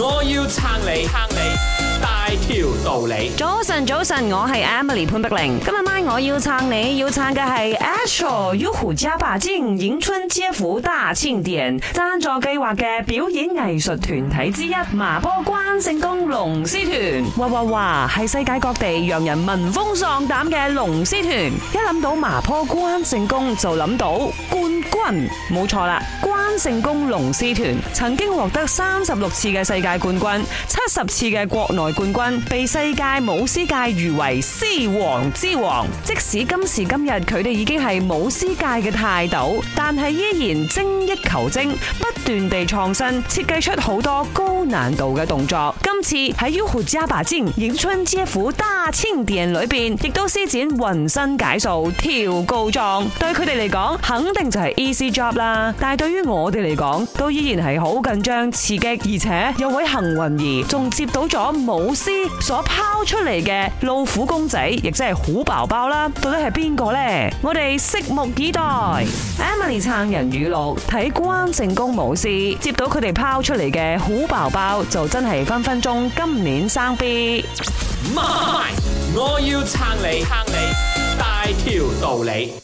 我要撐你，撐你大條道理。早晨，早晨，我係 Emily 潘碧玲。今日晚我要撐你，要撐嘅係 Asher Yahoo 家爸將迎春接福大慶典贊助計劃嘅表演藝術團體之一，麻坡關聖公龍獅團。哇哇哇！係世界各地讓人聞風喪膽嘅龍獅團。一諗到麻坡關聖公就諗到冠軍，冇錯啦！關聖公龍獅團曾經獲得三十六次嘅世界。世界冠軍七十次嘅國內冠軍，被世界舞獅界譽為獅王之王。即使今時今日，佢哋已經係舞獅界嘅泰斗，但係依然精益求精，不斷地創新，設計出好多高難度嘅動作。今次喺、uh《UFO 之阿爸精》《迎春之父》《大千殿》裏邊，亦都施展渾身解數跳高樁。對佢哋嚟講，肯定就係 easy job 啦。但係對於我哋嚟講，都依然係好緊張、刺激，而且又。一位幸運兒仲接到咗舞獅所拋出嚟嘅老虎公仔，亦即係虎寶寶啦。到底係邊個呢？我哋拭目以待。Emily 撐人語錄，睇關正公舞獅，接到佢哋拋出嚟嘅虎寶寶，就真係分分鐘今年生 B。媽咪，我要撐你，撐你大條道理。